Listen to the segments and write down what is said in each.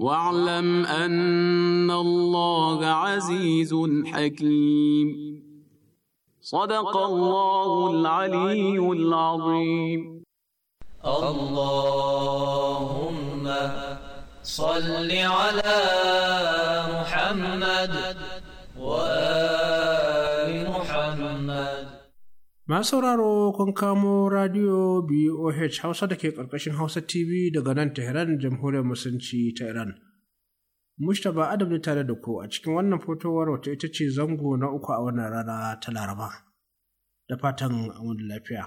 واعلم ان الله عزيز حكيم صدق الله العلي العظيم اللهم صل على محمد Masu sauraro kun kamo radio BOH Hausa da ke ƙarƙashin Hausa TV daga nan Tehran Jamhuriyar Musulunci ta Iran. Mustapha Adam ne tare da ku a cikin wannan fotowar wata ita ce zango na uku a wannan rana ta Laraba. Da fatan an lafiya.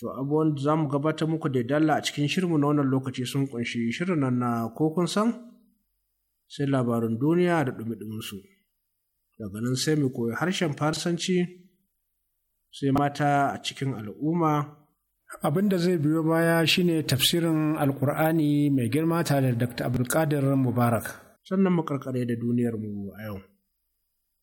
To abubuwan da za mu gabatar muku da dalla a cikin shirin na wannan lokaci sun kunshi shirin nan na ko kun san sai labarin duniya da ɗumi su Daga nan sai mu koyi harshen Farsanci. sai mata a cikin al'umma abin da zai biyo baya shine tafsirin Alƙur'ani mai girma tare da dr abdulkadir mubarak sannan mu karkare da duniyar mu a yau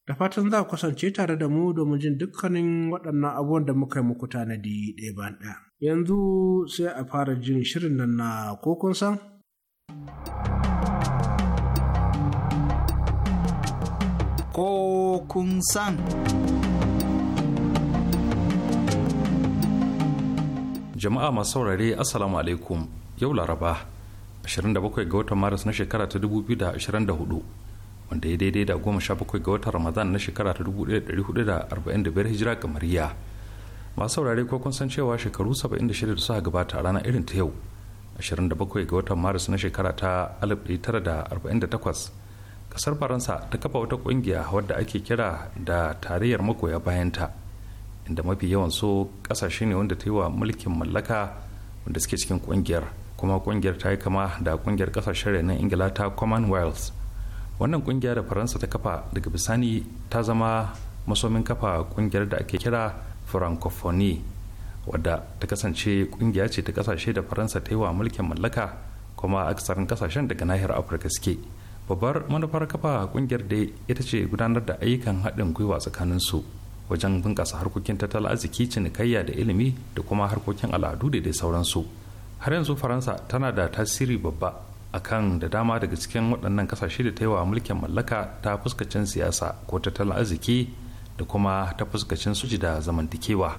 da fatan za ku kasance tare da mu domin jin dukkanin waɗannan abubuwan da muka yi muku tanadi ɗaya bayan ɗaya yanzu sai a fara jin shirin nan na ko kun san ko kun san jama'a masu saurare assalamu alaikum yau laraba 27 ga watan maris na shekara ta 2024 wanda ya daidai da 17 ga watan ramadan na shekara ta 1445 hijira kamariya masu saurare ko kun san cewa shekaru 76 da suka gabata a rana irin ta yau 27 ga watan maris na shekara ta 1948 kasar faransa ta kafa wata kungiya wadda ake kira da tarayyar magoya bayanta inda mafi yawan so kasashe ne wanda ta yi wa mulkin mallaka wanda suke cikin kungiyar kuma kungiyar ta yi kama da kungiyar kasashen renon ingila ta commonwealth wannan kungiya da faransa ta kafa daga bisani ta zama masomin kafa kungiyar da ake kira francophonie wadda ta kasance kungiya ce ta kasashe da faransa ta yi wa mulkin mallaka kuma aksarin kasashen daga nahiyar afirka suke babbar manufar kafa kungiyar da ita ce gudanar da ayyukan haɗin gwiwa tsakaninsu wajen bunƙasa harkokin tattalin arziki cinikayya da ilimi da kuma harkokin al'adu da dai sauransu har yanzu faransa tana da tasiri babba akan da dama daga cikin waɗannan kasashe da ta yi wa mulkin mallaka ta fuskacin siyasa ko tattalin arziki da kuma ta fuskacin suji da zamantakewa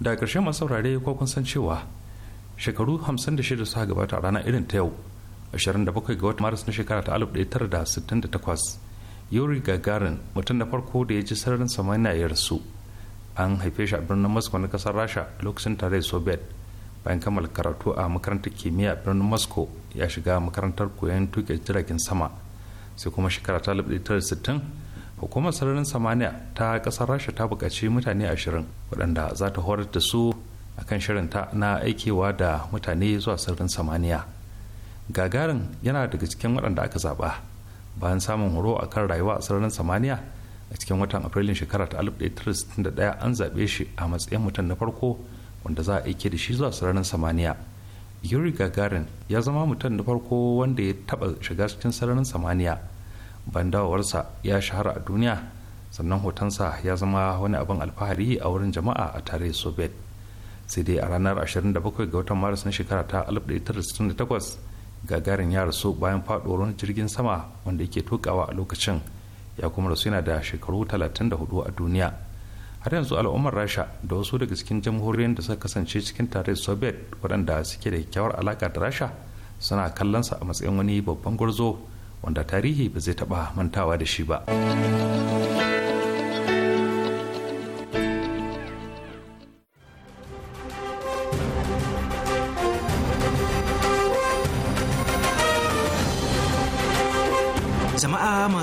da ƙarshe masu saurare ko kun san cewa shekaru 56 suka gabata a ranar irin ta yau 27 ga watan maris na shekara ta 1968 yuri gagarin mutum na farko da ya ji sararin samaniya ya rasu an haife shi a birnin moscow na kasar rasha lokacin tare soviet bayan kammala karatu a makarantar kimiyya a birnin moscow ya shiga makarantar koyon tuke jiragen sama sai kuma shekara ta sittin hukumar sararin samaniya ta kasar rasha ta buƙaci mutane ashirin waɗanda za ta horar da su a shirin shirinta na aikewa da mutane zuwa sararin samaniya gagarin yana daga cikin waɗanda aka zaɓa bayan samun horo a kan rayuwa a sararin samaniya a cikin watan afrilun shekara ta 1961 an zaɓe shi a matsayin mutum na farko wanda za a aike da shi zuwa sararin samaniya yuri gagarin ya zama mutum na farko wanda ya taɓa shiga cikin sararin samaniya bayan dawowarsa ya shahara a duniya sannan hotonsa ya zama wani abin alfahari a wurin jama'a a tare soviet sai dai a ranar 27 ga watan maris na shekara ta 1968 gagarin ya rasu bayan faɗuwar wani jirgin sama wanda yake tukawa a lokacin ya kuma rasu yana da shekaru 34 a duniya har yanzu al'ummar rasha da wasu daga cikin jamhuriyar da suka kasance cikin tarayyar soviet waɗanda suke da kyakkyawar alaka da rasha suna kallonsa a matsayin wani babban gwarzo wanda tarihi ba zai taɓa mantawa da shi ba.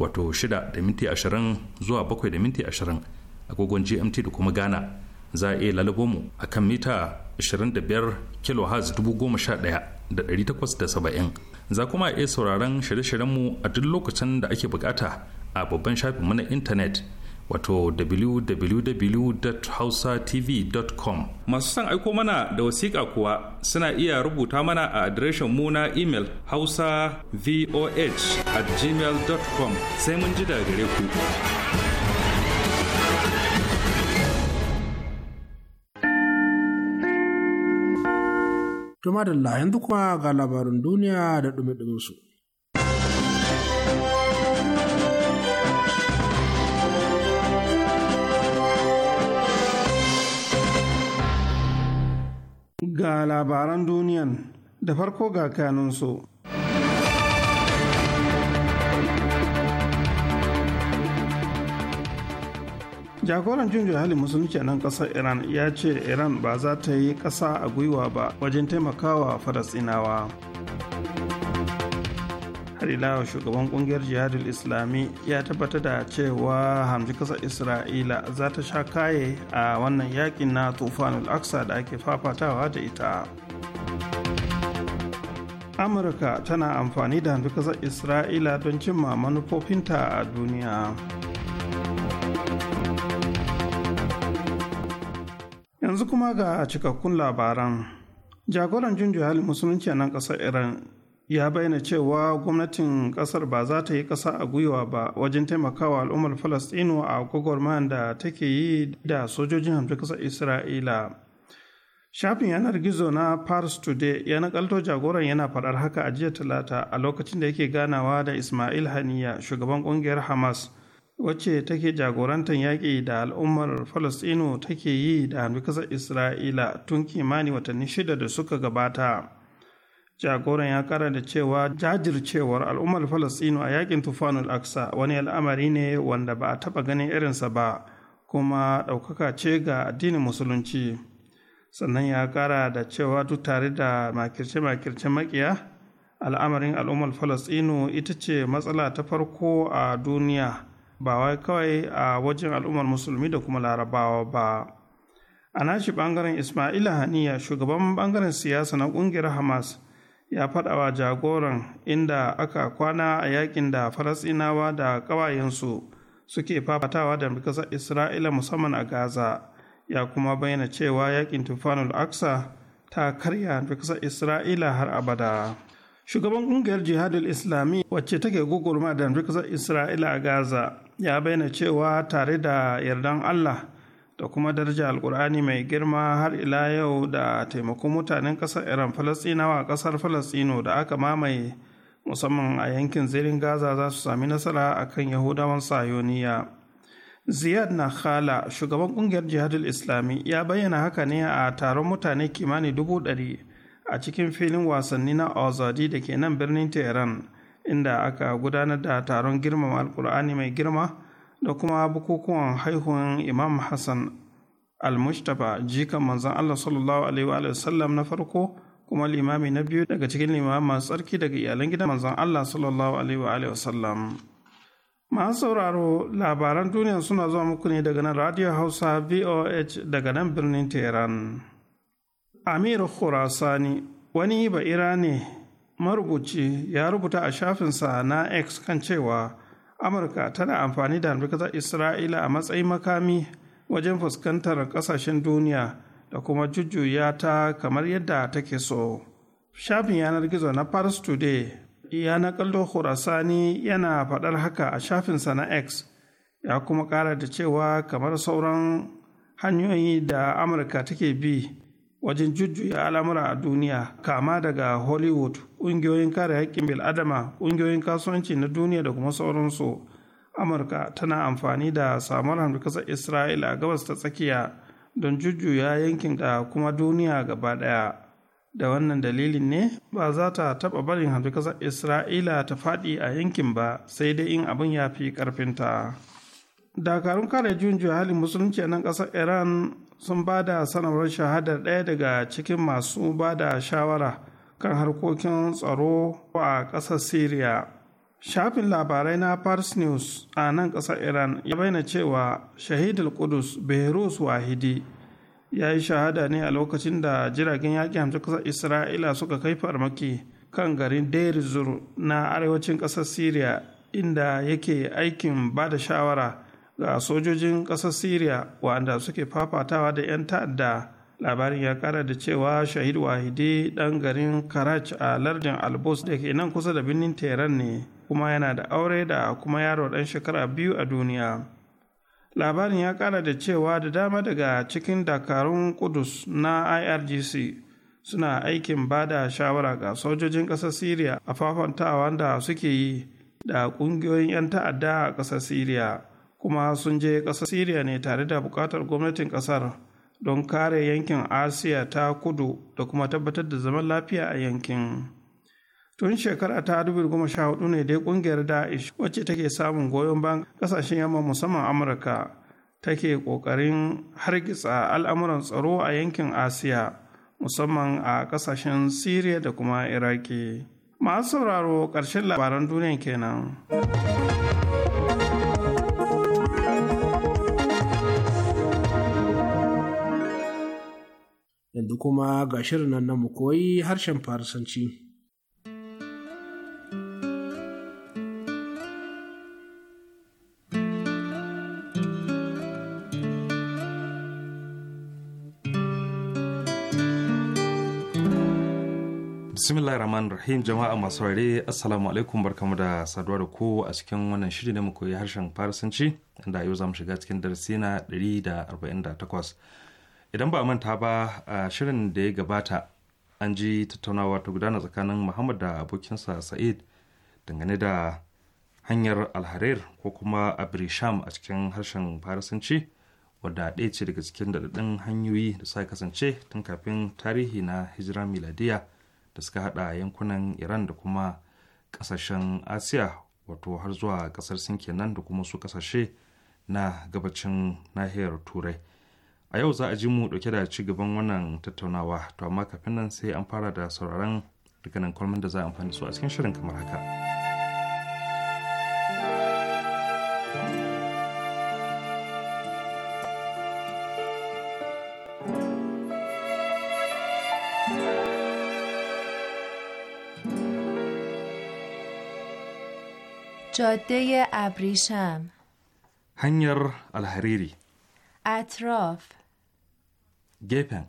wato 6 da minti 20 zuwa 7 da minti 20 agogon gmt da kuma ghana za a iya lalabo mu a kan mita 25 kHz 11870 za kuma a iya sauraron shirye shiryen mu a duk lokacin da ake bukata a babban shafinmu na intanet wato www.hausatv.com masu son aiko mana da wasiƙa kuwa suna iya rubuta mana a adireshin mu na imel hausa voh at gmail.com sai mun ji daga gare ku Tuma da yanzu kuwa ga labarin duniya da dumi su. Ga labaran duniyan da farko ga kanunsu. jagoran jin halin musulunci a nan kasar iran ya ce iran ba za ta yi kasa a gwiwa ba wajen taimakawa falasinawa ila shugaban kungiyar jihadul islami ya tabbatar da cewa hamji kasar isra'ila za ta sha kaye a wannan yakin na tufanul aksa da ake fafatawa da ita amurka tana amfani da hamji kasar isra'ila don cimma manufofinta a duniya yanzu kuma ga cikakkun labaran jagoran junjo musulunci a nan kasar iran ya bayyana cewa gwamnatin kasar ba za ta yi kasa a gwiwa ba wajen taimakawa al'ummar falastinu a gwagwarmayar da take yi da sojojin hamsin kasar isra'ila shafin yanar gizo na paris today ya nakalto jagoran yana faɗar haka a jiya talata a lokacin da yake ganawa da ismail haniya shugaban ƙungiyar hamas wacce take jagorantar yaƙi da al'ummar falastinu take yi da hamsin kasar isra'ila tun kimani watanni shida da suka gabata jagoran ya kara da cewa jajircewar al'ummar Falasɗinu a yakin tufanul aksa wani al'amari ne wanda ba a taba ganin irinsa ba kuma ɗaukaka ce ga addinin musulunci sannan ya kara da cewa duk tare da makirce-makirce makiya al'amarin al'ummar Falasɗinu ita ce matsala ta farko a duniya ba wai kawai a wajen al'ummar musulmi da kuma larabawa ba a nashi bangaren ismaila haniya shugaban bangaren siyasa na kungiyar hamas ya faɗawa jagoran inda aka kwana a yakin da falasinawa da ƙawayensu suke fafatawa da ƙasar isra'ila musamman a gaza ya kuma bayyana cewa yakin tufanul aksa ta karya ƙasar isra'ila har abada shugaban ƙungiyar jihadul islami wacce take gugurma da ƙasar isra'ila a gaza ya bayyana cewa tare da yardan allah da kuma daraja alkur'ani mai girma har ila yau da taimakon mutanen ƙasar iran falastinawa a ƙasar falasino da aka mamaye musamman a yankin zirin gaza za su sami nasara a kan yahudawan sayoniya ziyad nakhala shugaban ƙungiyar jihadul islami ya bayyana haka ne a taron mutane kimanin dubu ɗari a cikin filin wasanni na ozadi da ke nan birnin tehran inda aka gudanar da taron girmama alkur'ani mai girma da kuma bukukuwan haihuwan Imam Hassan al-Mustapha jikan manzon Allah sallallahu alaihi wa sallam na farko kuma limami na biyu daga cikin limami masu tsarki daga iyalan gidan manzon Allah sallallahu alaihi wa sallam. Masu sauraro labaran duniya suna zuwa muku ne daga nan Radio Hausa VOH daga nan birnin Tehran. Amir Khurasani wani ba'ira ne marubuci ya rubuta a shafinsa na X kan cewa amurka tana amfani da hamdukasar isra'ila a matsayin makami wajen fuskantar kasashen duniya da kuma jujjuya ta kamar yadda take so shafin yanar gizo na paris today ya na kallo khurasani yana faɗar haka a shafinsa na x ya kuma ƙara da cewa kamar sauran hanyoyi da amurka take bi wajen jujjuya al'amura a duniya kama daga hollywood ƙungiyoyin kare haƙƙin bil'adama ƙungiyoyin kasuwanci na duniya da kuma sauransu amurka tana amfani da samuwar hamdukasar isra'ila a gabas ta tsakiya don jujjuya yankin da kuma duniya gaba ɗaya da wannan dalilin ne ba za ta taɓa barin hamdukasar isra'ila ta faɗi a yankin ba sai dai in abin ya fi ƙarfinta dakarun kare juyin halin musulunci a nan ƙasar iran sun ba da sanarwar shahadar ɗaya daga cikin masu ba da shawara kan harkokin tsaro a ƙasar syria shafin labarai na pars news a nan ƙasar iran ya bayyana cewa shahidul kudus behrus wahidi ya yi shahada ne a lokacin da jiragen yaƙi hamsin ƙasar isra'ila suka kai farmaki kan garin deir na arewacin ƙasar syria inda yake aikin ba da shawara ga sojojin ƙasar Siriya wa'anda suke fafatawa da 'yan ta'adda labarin ya kara da cewa shahid wahidi ɗan garin karach a lardin albus da ke nan kusa da birnin teran ne kuma yana da aure da kuma yaro ɗan shekara biyu a duniya labarin ya kara da cewa da dama daga cikin dakarun kudus na irgc suna aikin ba da shawara ga sojojin ƙasar Siriya a fafantawa da suke yi da ƙungiyoyin 'yan ta'adda a ƙasar Siriya. kuma sun je ƙasar Siriya ne tare da buƙatar gwamnatin ƙasar don kare yankin Asiya ta kudu da kuma tabbatar da zaman lafiya a yankin. Tun shekara ta 2014 ne dai ƙungiyar Da'ish wacce take samun goyon bayan ƙasashen yamma musamman Amurka take ƙoƙarin hargitsa al'amuran tsaro a yankin Asiya musamman a ƙasashen Siriya da kuma Iraki. Masu sauraro ƙarshen labaran duniya kenan. yanzu kuma ga shirin nan mu koyi harshen Farisanci. bismillah rahman rahim jama'a masu rare assalamu alaikum barkamu da saduwa da ku a cikin wannan shiri da mu koyi harshen farisanci inda yau za mu shiga cikin darasi na 148 idan ba manta ba a shirin da ya gabata an ji tattaunawa ta gudana tsakanin muhammad da abokinsa sa'id dangane da hanyar alharir ko kuma abrisham a cikin harshen farisanci wadda ɗaya ce daga cikin daɗaɗɗun hanyoyi da suka kasance tun kafin tarihi na hijira miladiya da suka haɗa yankunan iran da kuma ƙasashen asiya wato har zuwa ƙasar sin kenan da kuma su ƙasashe na gabacin nahiyar turai A yau za a ji mu dauke da ci gaban wannan tattaunawa, to amma kafin nan sai an fara da sauraron dukkanin kwalmin da za a amfani su a cikin shirin kamar haka. جاده ابریشم هنگر الحریری اطراف گپن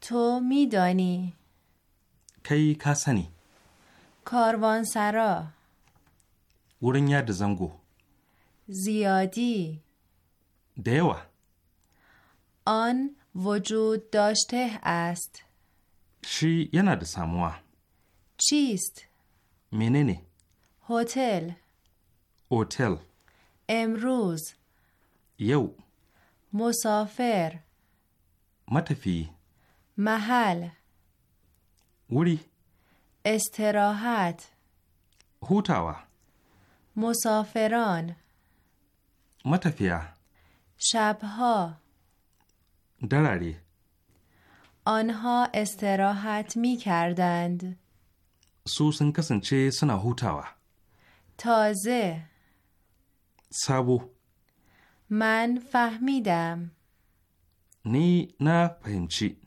تو میدانی کی کسنی کاروان سرا ورنیاد زنگو زیادی دیوا آن وجود داشته است شی یه نده ساموا چیست؟ مننه هتل هتل امروز یو مسافر متفی محل وری استراحت هوتاوا مسافران متفیا شبها دراری آنها استراحت می کردند سوسن sun kasance تازه hutawa. من فهمیدم. من نی نه پهمچی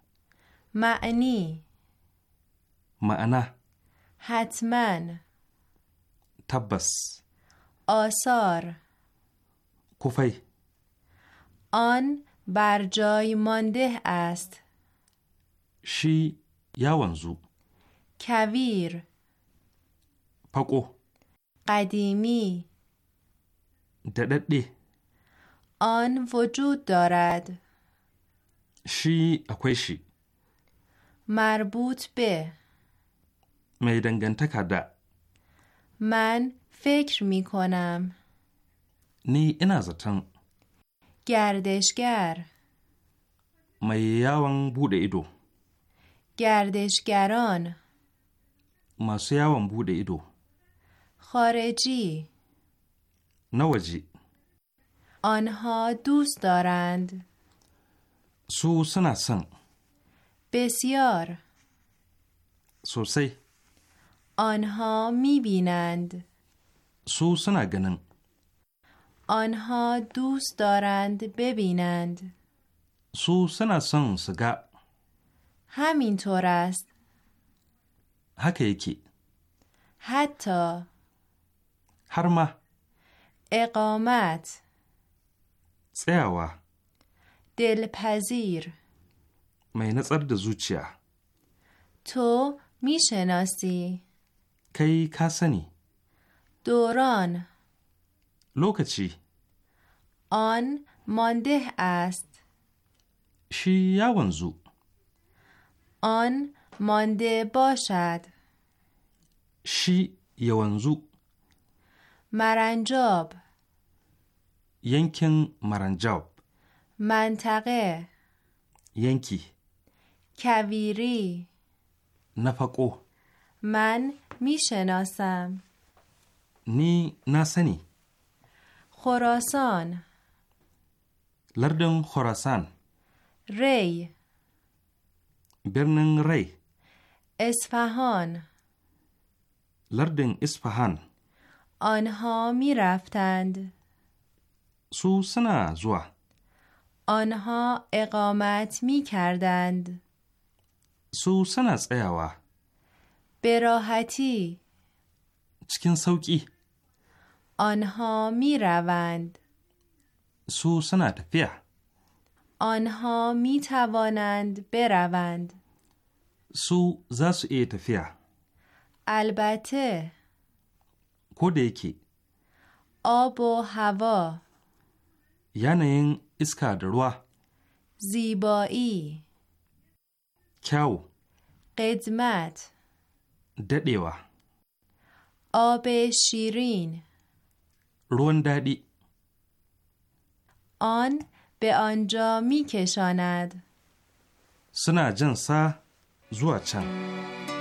معنی معنا حتما تبس آثار کفی آن بر جای مانده است شی یاونزو کویر پاکو قدیمی ددده آن وجود دارد شی اکوی مربوط به میدنگن من فکر می کنم نی اینا زتن گردشگر می بوده ایدو گردشگران masu بوده ایدو خارجی نوجی آنها دوست دارند سو سنا بسیار سوسی آنها می بینند سو سنا آنها دوست دارند ببینند سو سنا سن سگا همینطور است حکیکی حتی هر اقامت سیاوه دلپذیر پذیر. نصر د زوچییه تو میشناسی کی کا دوران لوکچی آن مانده است شی آن مانده باشد شی مرنجاب ینکن مرنجاب منطقه ینکی کویری نفقو من میشناسم نی ناسنی خراسان لردن خراسان ری برنن ری اسفهان لردن اسفهان آنها می رفتند سوسنا زوا آنها اقامت می کردند. سوسن از ایوا براحتی. چکن سوکی آنها می روند سوسن تفیه آنها می توانند بروند سو زس ایتفیا البته کودکی آب و هوا یعنی اسکا د زیبایی کیاو قدمت ددیوا آب شیرین روان دادی آن به آنجا میکشاند سنا جنسا زوا چند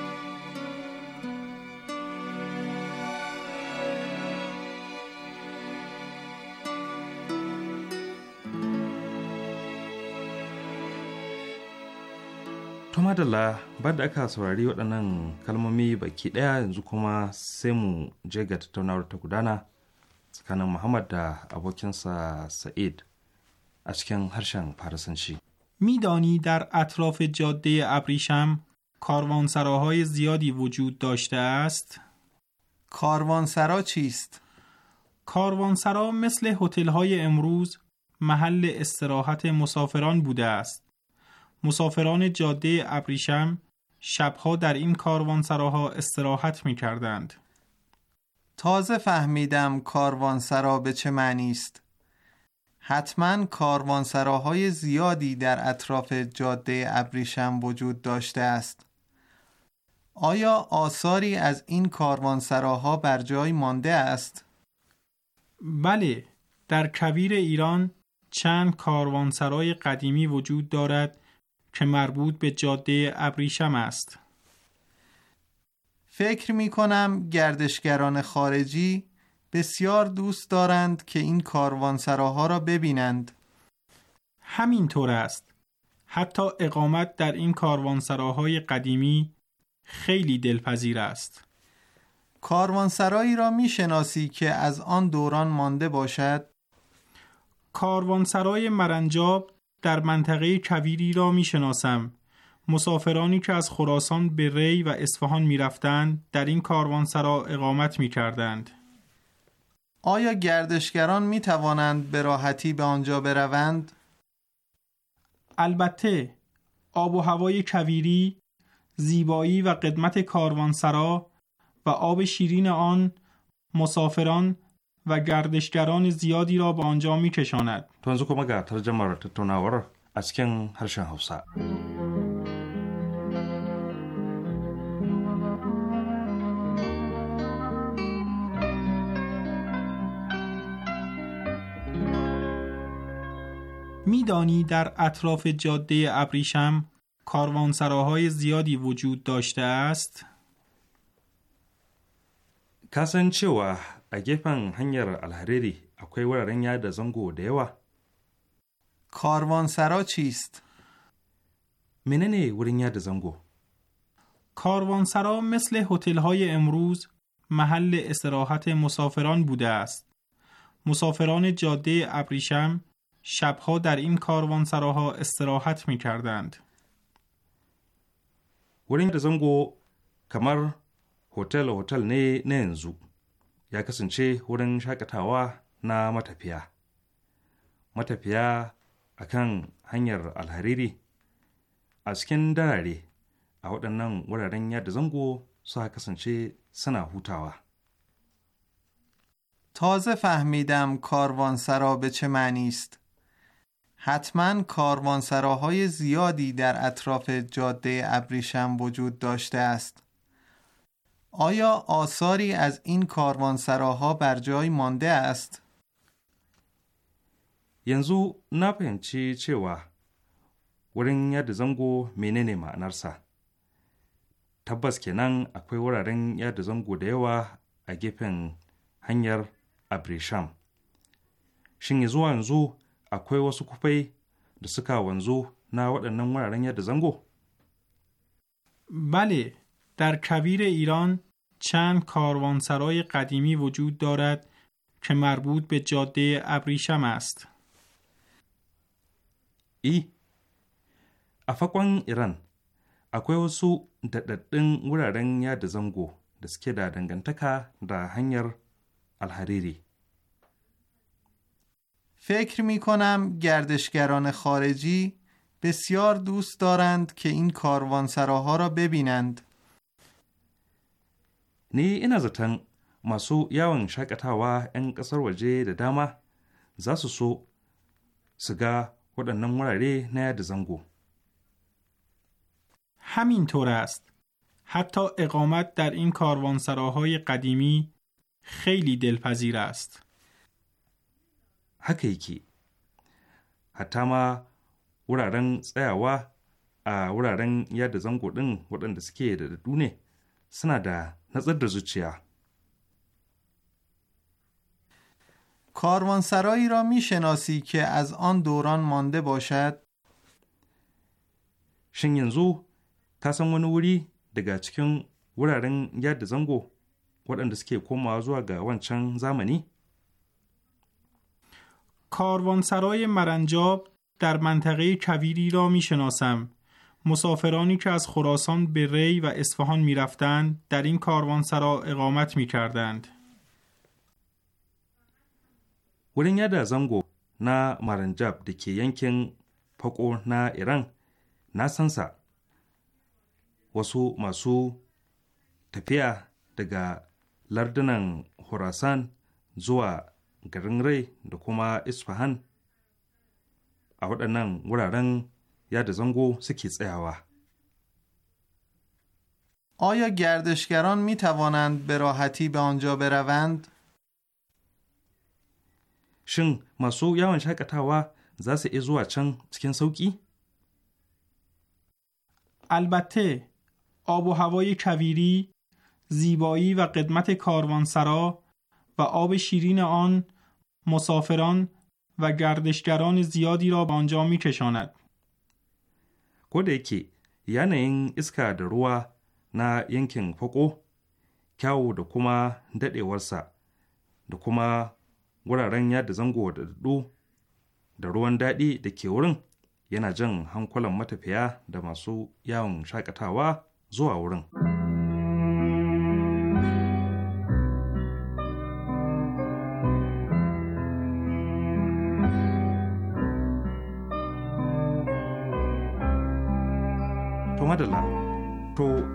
madalla ba da aka saurari waɗannan kalmomi baki ɗaya yanzu kuma sai mu je ga tattaunawar ta gudana tsakanin muhammad da abokinsa sa'id a cikin harshen farisanci میدانی در اطراف جاده ابریشم کاروانسراهای زیادی وجود داشته است کاروانسرا چیست کاروانسرا مثل هتل‌های امروز محل استراحت مسافران بوده است مسافران جاده ابریشم شبها در این کاروانسراها استراحت می کردند. تازه فهمیدم کاروانسرا به چه معنی است. حتما کاروانسراهای زیادی در اطراف جاده ابریشم وجود داشته است. آیا آثاری از این کاروانسراها بر جای مانده است؟ بله، در کویر ایران چند کاروانسرای قدیمی وجود دارد که مربوط به جاده ابریشم است. فکر می کنم گردشگران خارجی بسیار دوست دارند که این کاروانسراها را ببینند. همینطور است. حتی اقامت در این کاروانسراهای قدیمی خیلی دلپذیر است. کاروانسرایی را می شناسی که از آن دوران مانده باشد؟ کاروانسرای مرنجاب در منطقه کویری را می شناسم. مسافرانی که از خراسان به ری و اصفهان می رفتند در این کاروانسرا اقامت می کردند. آیا گردشگران می توانند به راحتی به آنجا بروند؟ البته آب و هوای کویری، زیبایی و قدمت کاروانسرا و آب شیرین آن مسافران و گردشگران زیادی را به آنجا می کشاند. میدانی در اطراف جاده ابریشم کاروانسراهای زیادی وجود داشته است؟ کسان چه اگه gefen hanyar alhariri akwai wuraren yada zango da yawa کاروانسرا چیست؟ مننه ورین یاد زنگو کاروانسرا مثل هتل های امروز محل استراحت مسافران بوده است. مسافران جاده ابریشم شبها در این کاروانسراها استراحت می کردند. ورین زنگو کمر هتل هتل نه نه ya kasance wurin shakatawa na matafiya matafiya a kan hanyar alhariri a cikin darare a waɗannan wuraren yadda zango suka kasance suna hutawa تازه فهمیدم کاروانسرا به چه معنی است حتما کاروانسراهای زیادی در اطراف جاده ابریشم وجود داشته است آیا آثاری از این کاروانسراها بر جای مانده است؟ yanzu na fahimci cewa wurin yada zango menene ma'anarsa tabbas kenan akwai wuraren yada zango da yawa a gefen hanyar abrisham shin ya zuwa yanzu akwai wasu kufai da suka wanzu na waɗannan wuraren yada zango? bale در کویر ایران چند کاروانسرای قدیمی وجود دارد که مربوط به جاده ابریشم است. ای ایران اکوی وسو یا دزنگو د الحریری فکر می کنم گردشگران خارجی بسیار دوست دارند که این کاروانسراها را ببینند. Ni ina zaton masu yawon shakatawa 'yan ƙasar waje da dama za su so su ga waɗannan wurare na yada zango. همینطور است. حتی اقامت در این کاروانسراهای قدیمی haka دلپذیر است. حقیقی حتی ma wuraren tsayawa a wuraren yada zango ɗin waɗanda suke da dadu ne suna da نظر da zuciya. کاروانسرایی را می شناسی که از آن دوران مانده باشد؟ شن ینزو کسان wani wuri daga cikin wuraren yada zango waɗanda suke komawa zuwa ga wancan zamani? کاروانسرای مرنجاب در منطقه کویری را می شناسم. مسافرانی که از خراسان به ری و اصفهان میرفتند در این سرا اقامت می wurin yada zango na Maranjab da ke yankin fako na Iran na sansa wasu masu tafiya daga lardunan zuwa garin Rai da kuma یاد زنگو سکیز ایوا آیا گردشگران می توانند به راحتی به آنجا بروند؟ شن مسو یوان شاکتاوا زاس ایزوا چن چکن سوکی؟ البته آب و هوای کویری، زیبایی و قدمت کاروانسرا و آب شیرین آن مسافران و گردشگران زیادی را به آنجا می کشاند. ko da yake yanayin iska da ruwa na yankin fako kyawu da kuma daɗewarsa da kuma wuraren yada zango da daɗu da ruwan daɗi da ke wurin yana jan hankulan matafiya da masu yawon shakatawa zuwa wurin.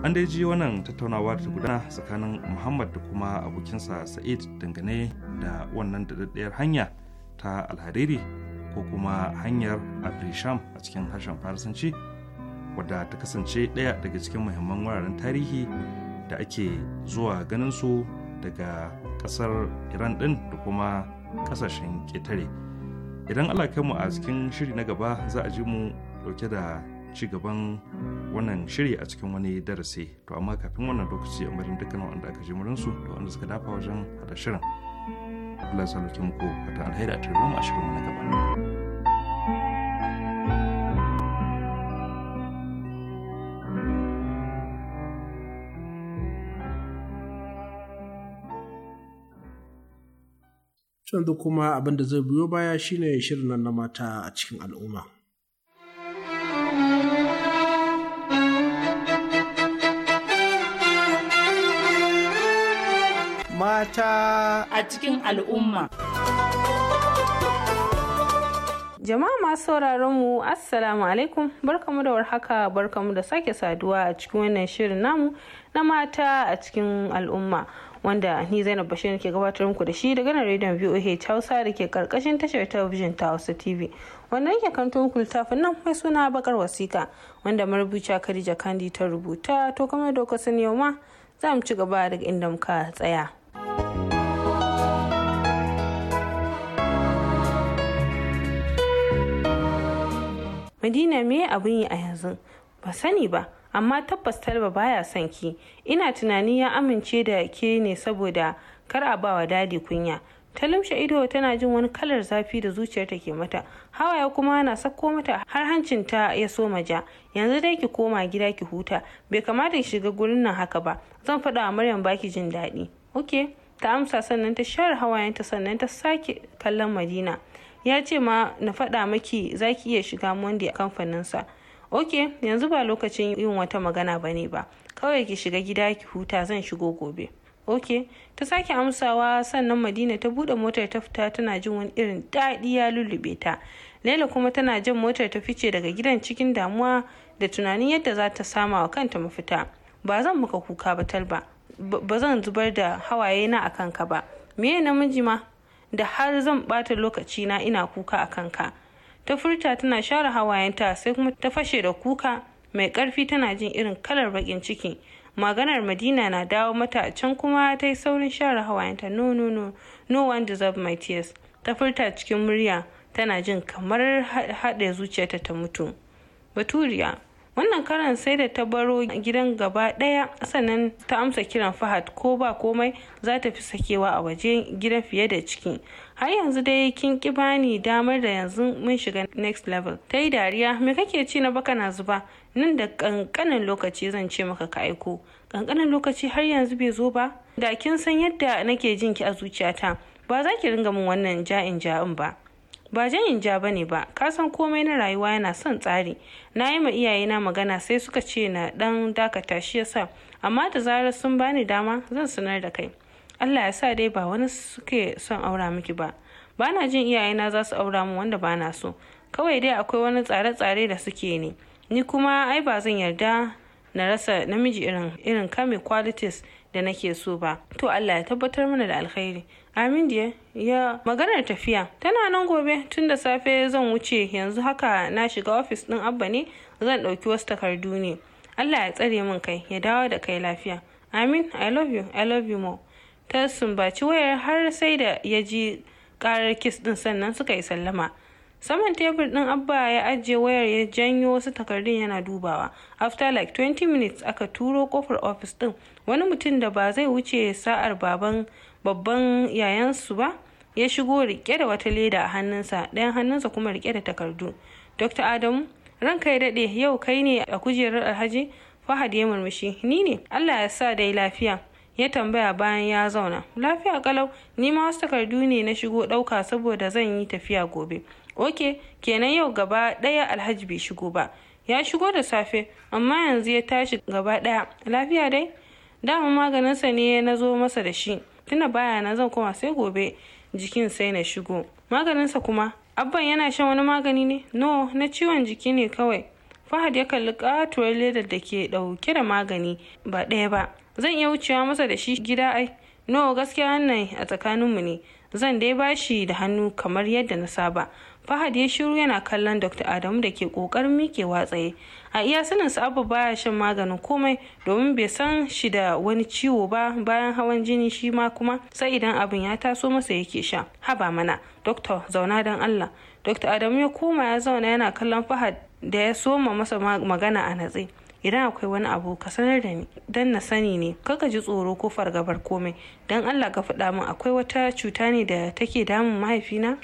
an dai ji wannan tattaunawa da ta gudana tsakanin muhammad da kuma abokinsa sa'id dangane da wannan daɗaɗɗiyar hanya ta alhariri ko kuma hanyar abrisham a cikin harshen farisanci wadda ta kasance ɗaya daga cikin muhimman wuraren tarihi da ake zuwa ganin su daga ƙasar iran ɗin da kuma ƙasashen ƙetare idan allah kai mu a cikin shiri na gaba za a ji mu ɗauke da ci gaban wannan shiri a cikin wani darasi to amma kafin wannan lokaci a marin dukkan wanda aka ji murinsu da wanda suka dafa wajen hada shirin ya saluki muku ta alheri a turbin a shirin na gaba. yanzu kuma abin da zai biyo baya shine shirin nan na mata a cikin al'umma. mata a cikin al'umma. Jama'a masu sauraron mu Assalamu alaikum barkamu da warhaka barkamu da sake saduwa a cikin wannan shirin namu na mata a cikin al'umma wanda ni Zainab Bashir ke gabatar muku da shi daga nan rediyon VOH Hausa da ke karkashin tashar talabijin ta Hausa TV. Wanda yake kanto muku littafin nan mai suna bakar wasika wanda marubuciya Khadija Kandi ta rubuta to kamar da sani yau ma za mu ci gaba daga inda muka tsaya. madina me abin yi a yanzu ba sani ba amma tabbas talba baya son ki ina tunani ya amince da ke ne saboda kar a ba wa dadi kunya ta lumshe ido tana jin wani kalar zafi da zuciyarta ke mata hawaya kuma na sako mata har hancinta ya soma ja yanzu dai ki koma gida ki huta bai kamata ki shiga gurin nan haka ba zan faɗa wa maryam baki jin daɗi ok ta amsa sannan ta share hawayenta sannan ta sake kallon madina ya ce ma na faɗa maki za ki iya shiga monday a kamfaninsa ok yanzu ba lokacin yin wata magana ba ne ba kawai ki shiga gida ki huta zan shigo gobe ok ta sake amsawa sannan madina ta buɗe motar ta fita tana jin wani irin daɗi ya lullube ta laila kuma tana jan motar ta fice daga gidan cikin damuwa da tunanin yadda za ta sama wa kanta mafita ba zan muka kuka ba talba ba zan zubar da hawaye na a kanka ba me namiji ma da har zan bata lokaci na ina kuka a kanka ta furta tana share hawayenta sai kuma ta fashe da kuka mai karfi tana jin irin kalar bakin ciki maganar madina na dawo mata a can kuma ta yi saurin share hawayenta no no no no one deserve my tears ta furta cikin murya tana jin kamar haɗe zuciyarta ta mutu baturiya wannan karan sai da ta baro gidan gaba daya sannan ta amsa kiran fahad ko ba komai za ta fi sakewa a waje gidan fiye da ciki har yanzu dai kin ki bani damar da yanzu mun shiga next level ta yi dariya me kake ci na baka na zuba nan da kankanin lokaci zan ce maka ka aiko kankanin lokaci har yanzu bai zo ba da kin san yadda nake jin ki a zuciyata ba za ki ringa min wannan ja'in ja'in ba ba jan in ja ne ba kasan komai na rayuwa yana son tsari na yi ma iyayena magana sai suka ce na dan dakata shi yasa amma da zarar sun bani dama zan sanar da kai Allah ya sa dai ba wani suke son aura miki ba ba na jin iyayena za su aura mu wanda ba na so kawai dai akwai wani tsare-tsare da suke ne ni kuma ai ba zan yarda na rasa namiji irin irin kame qualities da nake so ba to Allah ya tabbatar mana da alkhairi Amin diya, ya maganar tafiya. Tana nan gobe tun da safe zan wuce yanzu haka na shiga ofis ɗin abba ne zan ɗauki wasu takardu ne. Allah ya tsare min kai ya dawo da kai lafiya. Amin, I love you, I love you more. Ta sumbaci wayar har sai da ya ji karar kis din sannan suka yi sallama. Saman tebur din Abba ya ajiye wayar ya janyo wasu takardun yana dubawa. After like 20 minutes aka turo kofar ofis ɗin wani mutum da ba zai wuce sa'ar baban babban yayansu ba ya shigo rike da wata leda a hannunsa ɗayan hannunsa kuma rike da takardu dr adamu ranka kai daɗe yau kai ne a kujerar alhaji fahad ya murmushi ni ne allah ya sa dai lafiya ya tambaya bayan ya zauna lafiya kalau ni ma wasu takardu ne na shigo ɗauka saboda zan yi tafiya gobe ok kenan yau gaba ɗaya alhaji bai shigo ba ya shigo da safe amma yanzu ya tashi gaba ɗaya lafiya dai dama maganinsa ne na zo masa da shi tuna baya na zan koma sai gobe jikin sai na shigo maganinsa kuma abban yana shan wani magani ne no na ciwon jiki ne kawai fahad ya kalli katuwar ledar da ke dauke da magani ba ɗaya ba zan iya wucewa masa da shi gida ai no gaskiya wannan a tsakaninmu ne zan dai bashi da hannu kamar yadda na saba fahad ya shiru yana kallon dr adamu da ke kokarin mikewa watsaye a iya sanin abu baya shan maganin komai domin bai san shi da wani ciwo ba bayan hawan jini shi ma kuma sai idan abin ya taso masa yake sha haba mana dr zauna don allah dr adamu ya koma ya zauna yana kallon fahad da ya soma masa magana a natse idan akwai wani abu ka sanar da ni dan na sani ne kaka ji tsoro ko fargabar komai dan allah ka faɗa min akwai wata cuta ne da take damun mahaifina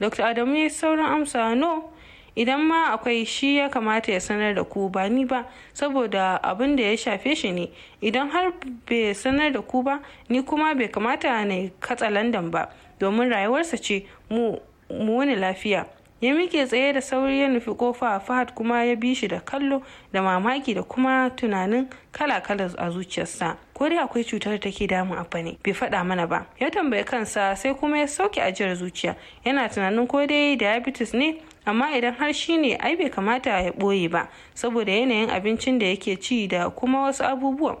dr adamu ya sauran amsa no idan ma akwai shi ya kamata ya sanar da ku ba ni ba saboda abin da ya shafe shi ne idan har bai sanar da ku ba ni kuma bai kamata na katsa landan ba domin rayuwarsa ce mu wani lafiya ya mike tsaye da sauri ya nufi kofa fahad kuma ya bi shi da kallo da mamaki da kuma tunanin kala-kala a zuciyarsa ko dai akwai cutar da take damun abba ne bai faɗa mana ba ya tambayi kansa sai kuma ya sauke ajiyar zuciya yana tunanin ko dai diabetes ne amma idan har shi ne ai bai kamata ya ɓoye ba saboda yanayin abincin da yake ci da kuma wasu abubuwan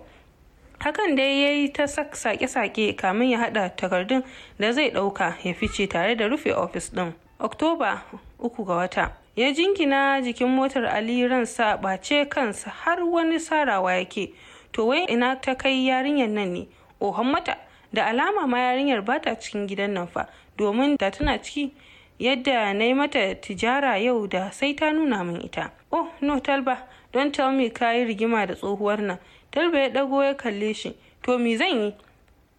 hakan dai ya yi ta sake-sake kamin ya haɗa takardun da zai ɗauka ya fice tare da rufe ofis ɗin oktoba uku ga wata ya jinkina jikin motar ali ransa ɓace kansa har wani sarawa yake to wai ina ta kai yarinyar nan ne ohon mata da alama ma yarinyar ba ta cikin gidan nan fa domin da tana ciki yadda na yi mata tijara yau da sai ta nuna min ita oh no talba don tell me ka yi rigima da tsohuwar nan talba ya ɗago ya kalle shi to me zan yi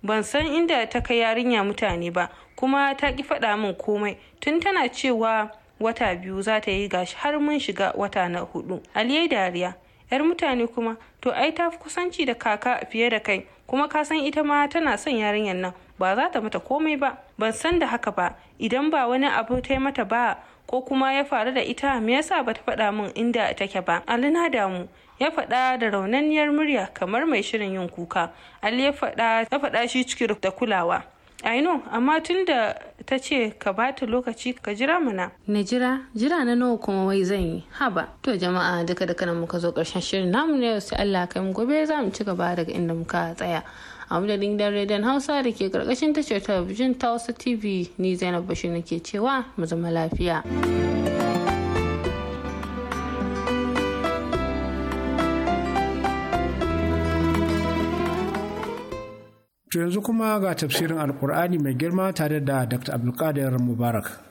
ban san inda ta kai yarinya mutane ba kuma ta ki faɗa min komai tun tana cewa wata biyu za ta yi gashi har mun shiga wata na hudu aliyai dariya yar mutane kuma to ai ta fi kusanci da kaka fiye da kai kuma ka san ita ma tana son yarinyar nan ba za ta mata komai ba ban san da haka ba idan ba wani abu ta yi mata ba ko kuma ya faru da ita me yasa ba ta faɗa min inda take ba ali na damu ya faɗa da raunanniyar murya kamar mai shirin yin kuka ali ya faɗa shi cikin da kulawa I know, amma tun da ta ce ka bata lokaci ka jira mana. Na jira, jira na nawa kuma wai zan yi. Haba, to jama'a duka da kanan muka zo karshen shirin namu na yau sai Allah kai mu gobe za mu ci gaba daga inda muka tsaya. A madadin gidan rediyon Hausa da ke karkashin tashar talabijin ta wasu TV ni Zainab Bashir nake cewa mu zama lafiya. To yanzu kuma ga tafsirin alkur'ani mai girma tare da Dr. Abdulkadir Mubarak.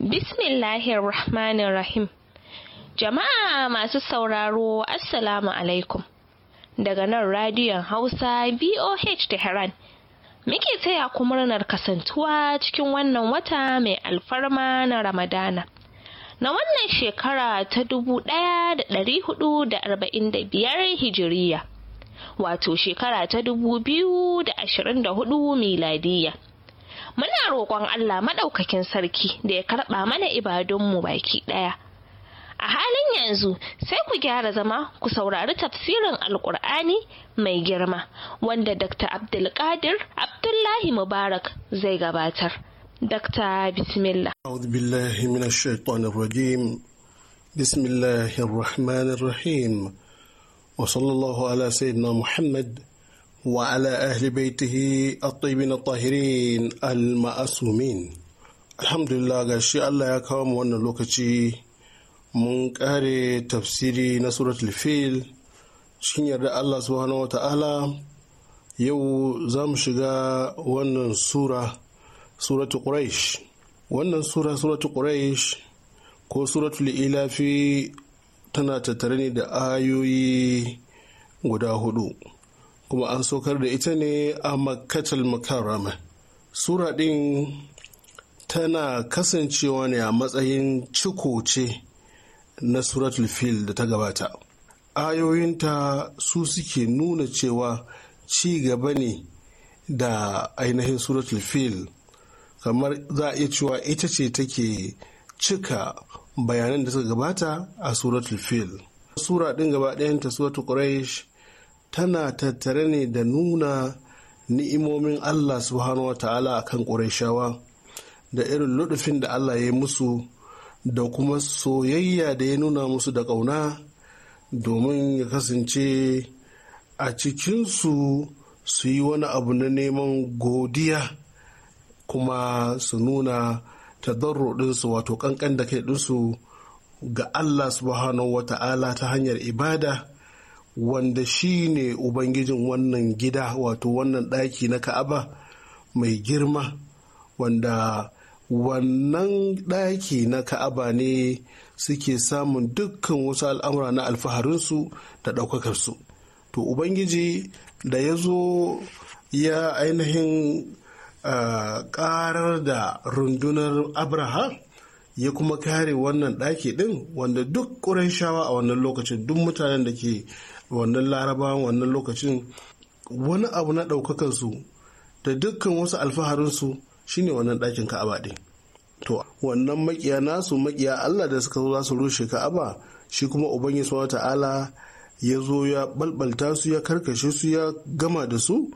Bismillahirrahmanirrahim. Jama'a masu sauraro Assalamu alaikum. Daga nan radiyon Hausa BOH Tehran. Muke taya ku murnar kasantuwa cikin wannan wata mai alfarma na Ramadana. Na wannan shekara ta dubu ɗaya da da da hudu da biyar Hijiriya, wato shekara ta dubu biyu da ashirin da hudu miladiyya. Muna roƙon Allah maɗaukakin sarki da ya karɓa mana ibadunmu baki ɗaya. a halin yanzu sai ku gyara zama ku saurari tafsirin alkur'ani mai girma wanda dr abdulkadir abdullahi mubarak zai gabatar dr bismillah أعوذ بالله من الشيطان الرجيم بسم الله الرحمن الرحيم وصلى الله على سيدنا محمد وعلى أهل بيته الطيبين الطاهرين المأسومين الحمد لله ga shi Allah ya kawo wannan lokaci mun kare tafsiri na surat fil cikin yarda Allah subhanahu ta'ala, yau za mu shiga wannan sura surat quraish wannan sura suratu quraish ko suratul ilafi tana tattare ne da ayoyi guda hudu kuma an saukar da ita ne a makkatul makarama sura din tana kasancewa ne a matsayin cikoce ce na suratul fil da ta gabata ayoyinta su suke nuna cewa ci gaba ne da ainihin suratul fil kamar za a iya cewa ita ce take cika bayanan da suka gabata a suratul fil sura ɗin gaba ɗayanta suratul quraish tana tattare ne da nuna ni'imomin allah subhanahu wa ta'ala akan kan da irin ludufin da allah ya yi musu da kuma soyayya da ya nuna musu da ƙauna domin ya kasance a cikinsu su yi wani abu na neman godiya kuma su nuna ɗinsu wato kankan da kai ɗinsu ga Allah subhanahu wa ta'ala ta hanyar ibada wanda shi ne Ubangijin wannan gida wato wannan ɗaki na Ka'aba mai girma wanda wannan ɗaki na ka'aba ne suke samun dukkan wasu al'amura na alfaharinsu da ɗaukakarsu to ubangiji da ya zo ya ainihin ƙarar da rundunar abraham ya kuma kare wannan ɗaki ɗin wanda duk shawa a wannan lokacin duk mutanen da ke wannan larabawan wannan lokacin wani abu na ɗaukakarsu da dukkan wasu alfaharinsu shine wannan ɗakin ka'aba ɗin to wannan makiya nasu makiya Allah da suka zo za su rushe ka'aba shi kuma ubangiji subhanahu ta'ala ya zo ya balbalta su ya karkashe su ya gama da su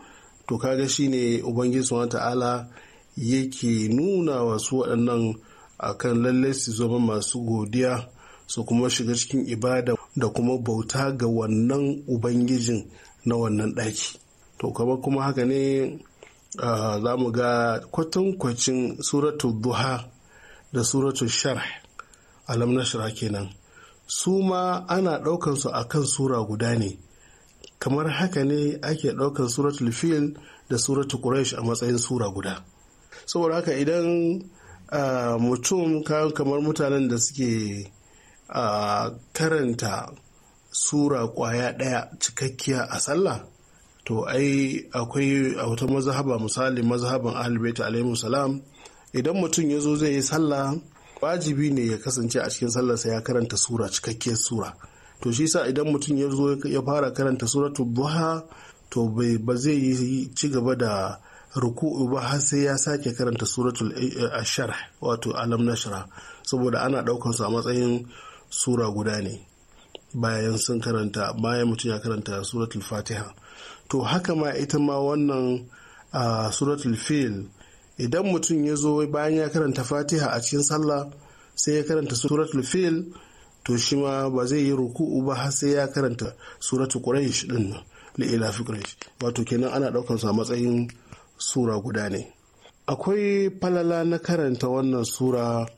to kaga shine ubangiji subhanahu ta'ala yake nuna wa su waɗannan akan lalle su zama masu godiya su kuma shiga cikin ibada da kuma bauta ga wannan ubangijin na wannan ɗaki to kamar kuma haka ne Ah, za mu ga kwatankwacin suratu duha da suratu sharh alam nashra kenan su ma ana ɗaukansu a kan sura guda ne kamar haka ne ake ɗaukan suratul fil da suratul quraish a matsayin sura guda saboda haka idan ah, mutum kamar mutanen da suke ah, karanta sura kwaya ɗaya cikakkiya a sallah to ai akwai a wata mazhaba misali mazhaban ahlulbaita alaihi salam idan mutum ya zo zai yi sallah wajibi ne ya kasance a cikin sallarsa ya karanta sura cikakkiyar sura to shi sa idan mutum ya zo ya fara karanta suratul buha, to ba zai yi ci gaba da ruku'u ba har sai ya sake karanta suratul eh, ashar wato alam nashra saboda ana daukar su a matsayin sura guda ne bayan sun karanta bayan mutum ya karanta suratul fatiha to haka ma ita ma wannan suratul fil idan mutum ya zo bayan ya karanta fatiha a cikin sallah sai ya karanta suratul fil to shi ma ba zai yi ruku'u ba har sai ya karanta suratul quraish din li ila fi quraish wato kenan ana daukar sa matsayin sura guda ne akwai falala na karanta wannan sura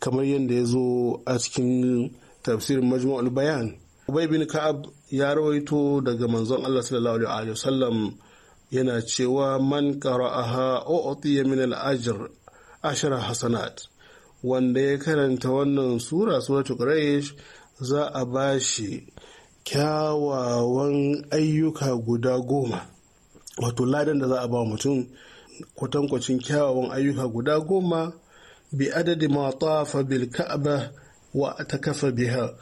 kamar yadda ya zo a cikin tafsirin majmu'ul bayan Ubay bin Ka'ab ya rawaito daga manzon Allah sallallahu alaihi sallam yana cewa man qara'aha u'tiya min al-ajr ashara hasanat wanda ya karanta wannan sura suratul quraish za a bashi kyawawan ayyuka guda goma wato ladan da za a ba mutum kwatankwacin kyawawan ayyuka guda goma bi adadi ma tafa bil ka'aba wa atakafa biha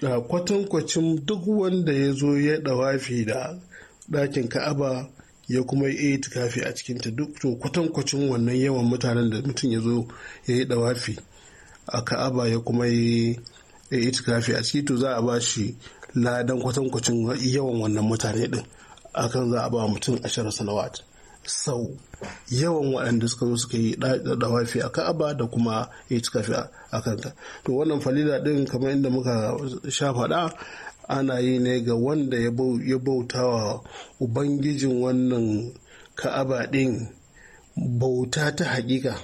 Da kwatankwacin duk wanda ya zo ya ɗawafi da ɗakin ka'aba ya kuma yi itikafi a cikinta duk to kwatankwacin wannan yawan mutanen da mutum ya zo ya yi ɗawafi a ka'aba ya kuma yi itikafi a ciki to za a ba shi ladan kwatankwacin yawan wannan mutane din akan za a ba mutum ashirin salawat sau yawan waɗanda suka zo suka yi dawafi a ka'aba da kuma itikafi a kanka to wannan falila din kamar inda muka sha faɗa ana yi ne ga wanda ya bauta wa ubangijin wannan ka'aba din bauta ta hakika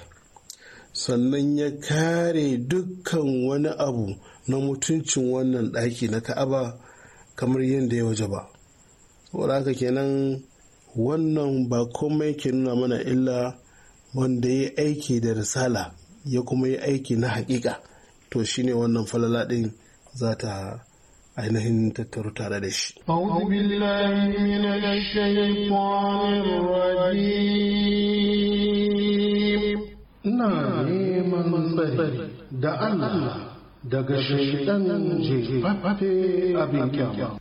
sannan ya kare dukkan wani abu na mutuncin wannan ɗaki na ka'aba kamar yadda ya waje ba saboda kenan wannan ba komai ke nuna mana illa wanda ya aiki da risala ya kuma yi aiki na hakika to shine wannan falala ɗin za ta ainihin tattaru tare da shi. Ina neman tsari da Allah daga shaidan jefafe abin kyama.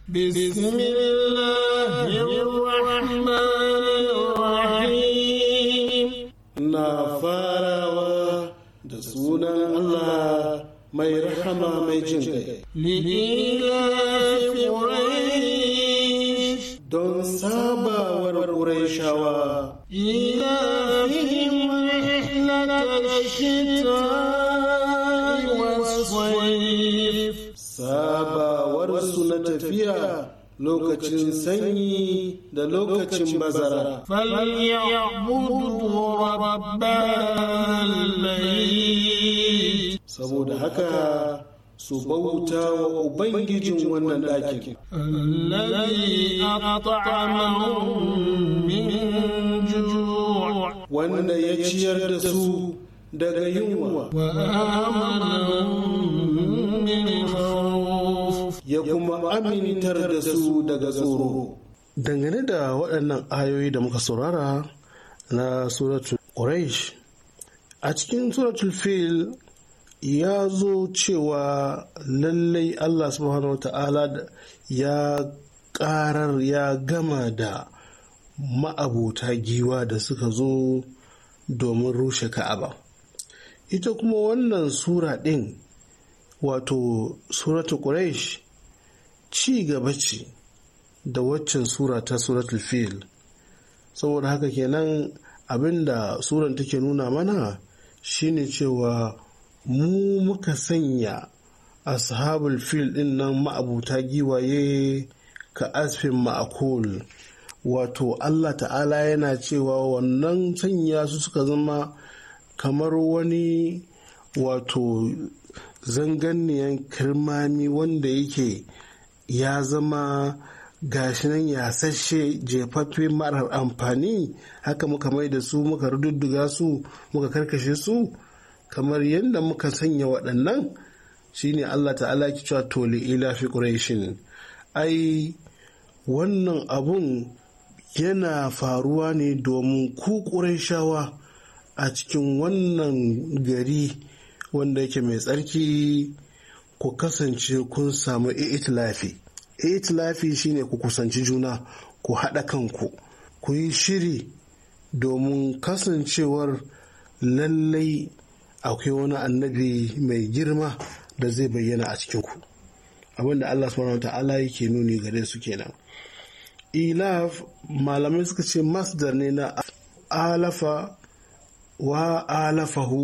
Na farawa da sunan Allah mai rahama mai jin kai. Don sabawar Qurayshawa. shawa. tafiya lokacin sanyi da lokacin bazara. Saboda haka su bauta wa Ubangijin wannan ɗakin. Wanda ya ciyar da su daga yunwa. min ya kuma amintar da su daga tsoro. Dangane da waɗannan ayoyi da muka saurara na suratul Quraysh a cikin suratul fil ya zo cewa lallai Allah subhanahu wa ta'ala ya ƙarar ya gama da ma'abota giwa da suka zo domin rushe ka'aba ita kuma wannan sura ɗin wato suratu Quraysh. ci gaba ce da waccan sura ta suratul fil saboda haka kenan abinda suran take nuna mana shine cewa mu muka sanya ashabul fil din nan ma'abuta giwaye ka asfin ma'akul wato Allah ta'ala yana cewa wannan sanya su suka zama kamar wani wato zanganniyan kirmami wanda yake ya zama gashi nan sashe jefaffe marar amfani haka muka mai da su muka rududduga su muka karkashe su kamar yadda muka sanya waɗannan shine Allah ta'ala ki cewa toli ila fi ƙureshin ai wannan abun yana faruwa ne domin ku shawa a cikin wannan gari wanda yake mai tsarki ku kasance kun samu itilafi itilafi shine ku kusanci juna ku haɗa kanku ku yi shiri domin kasancewar lallai akwai wani annabi mai girma da zai bayyana a cikinku abinda Allah subhanahu ta'ala yake nuni gare su kenan ilaf malamai suka ce masdar ne na alafa wa alafahu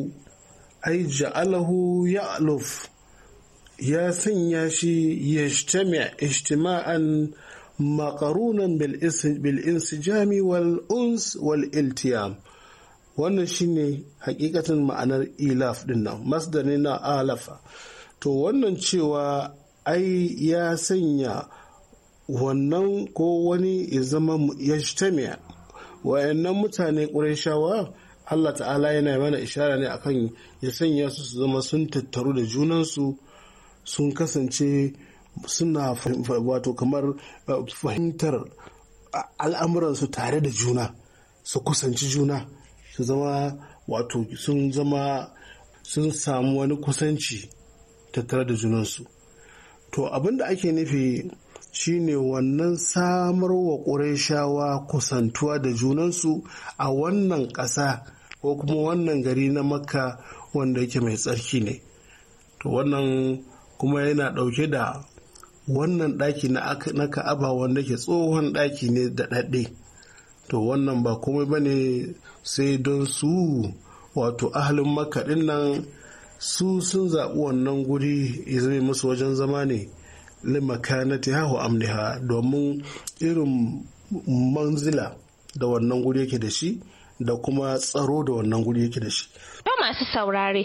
ai ja'alahu ya'luf ya sanya shi yajtama'an makarunan bil insijami wal uns wal iltiyam wannan shine hakikatan ma'anar ilaf din nan masdari na alafa to wannan cewa ai ya sanya wannan ko wani ya zama ya yajtami'a wayannan mutane ƙurashawa Allah ta'ala yana mana ishara ne akan ya sanya su su zama sun tattaru da junansu sun kasance suna wato kamar uh, fahimtar al'amuransu tare da juna su kusanci juna su zama wato sun zama sun samu wani kusanci tattare da junansu to abin da ake nufi shine wannan samar wa ƙurashawa kusantuwa da junansu a wannan ƙasa ko kuma wannan gari na makka wanda yake mai tsarki ne to wannan kuma yana ɗauke da wannan ɗaki na ka'aba wanda ke tsohon ɗaki ne da ɗaɗɗe to wannan ba komai ba ne sai don su wato ahalin makaɗin nan su sun zaɓi wannan guri izini musu wajen zama ne limakanati hahu amniha domin irin manzila da wannan guri yake da shi da kuma tsaro da wannan guri yake da shi. To masu saurare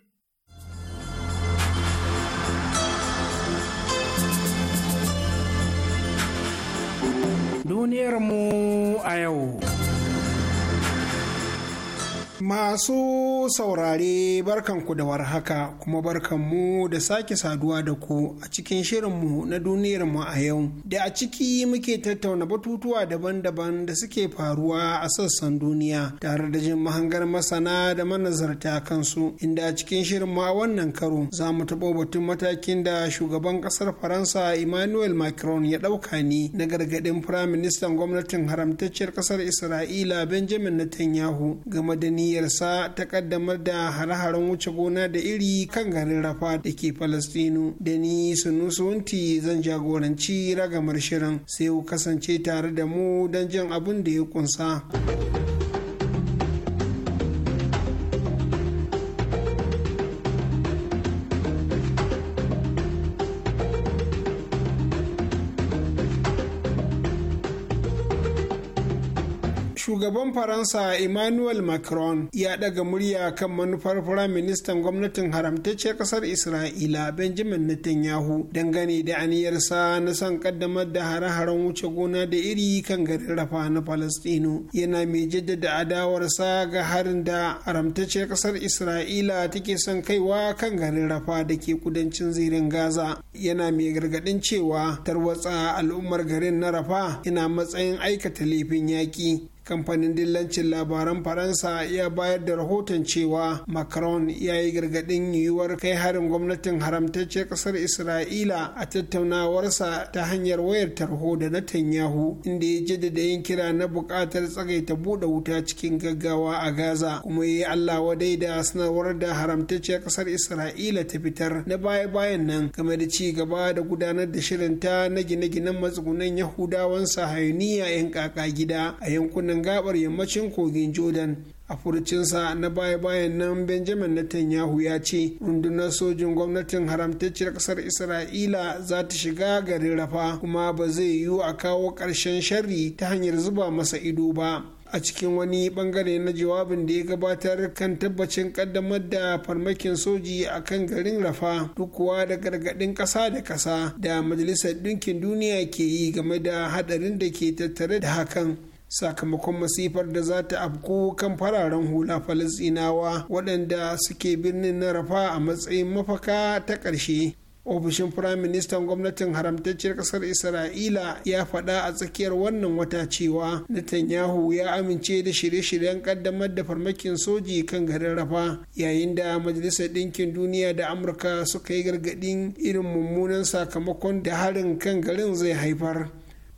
duniyarmu a yau. Masu saurare barkanku da warhaka kuma barkanmu da sake saduwa da ku a cikin shirin mu na duniyarmu a yau. Da a ciki muke tattauna batutuwa daban-daban da suke faruwa a sassan duniya tare da jin mahangar masana da manazarta kansu inda a cikin shirinmu a wannan karo za mu taɓo batun matakin da shugaban ƙasar Faransa Emmanuel Macron ya ɗauka ne na gargaɗin Firaministan gwamnatin haramtacciyar ƙasar Isra'ila Benjamin Netanyahu game da ni aniyarsa ta kaddamar da hare-haren wuce gona da iri kan garin rafa da ke falastinu da ni sunusunti zan jagoranci ragamar shirin sai ku kasance tare da mu don jin abin da ya kunsa. shugaban faransa emmanuel macron ya daga murya kan manufar firaministan gwamnatin haramtacce kasar isra'ila benjamin netanyahu dangane da aniyarsa na son kaddamar da hare-haren wuce gona da iri kan garin rafa na palestino yana mai jaddada adawarsa ga harin da haramtacce kasar isra'ila take son kaiwa kan garin rafa da ke kudancin zirin gaza yana mai gargadin cewa tarwatsa al'ummar garin na rafa yana matsayin aikata laifin yaƙi kamfanin dillancin labaran faransa ya bayar da rahoton cewa macron ya yi gargaɗin yiwuwar kai harin gwamnatin haramtacciyar ƙasar isra'ila a tattaunawarsa ta hanyar wayar tarho da netanyahu inda ya jaddada yin kira na buƙatar tsagaita buɗe wuta cikin gaggawa a gaza kuma ya yi allah wadai da sanarwar da haramtacciyar ƙasar isra'ila ta fitar na baya bayan nan game da ci gaba da gudanar da shirin ta na gine-ginen matsugunan yahudawan sahayuniya 'yan kaka gida a yankunan yankunan gabar yammacin kogin jordan a furucinsa na baya-bayan nan benjamin netanyahu ya ce rundunar sojin gwamnatin haramtacciyar kasar isra'ila za ta shiga garin rafa kuma ba zai yiwu a kawo ƙarshen sharri ta hanyar zuba masa ido ba a cikin wani bangare na jawabin da ya gabatar kan tabbacin kaddamar da farmakin soji a kan garin rafa kuwa da gargaɗin ƙasa da ƙasa da majalisar ɗinkin duniya ke yi game da haɗarin da ke tattare da hakan sakamakon masifar da za ta afku kan fararen hula falasinawa waɗanda suke birnin na rafa a matsayin mafaka ta ƙarshe ofishin firaministan gwamnatin haramtacciyar ƙasar isra'ila ya faɗa a tsakiyar wannan wata cewa netanyahu ya amince da shirye-shiryen ƙaddamar da farmakin soji kan garin rafa yayin da majalisar ɗinkin duniya da amurka suka yi gargaɗin irin mummunan sakamakon da harin kan garin zai haifar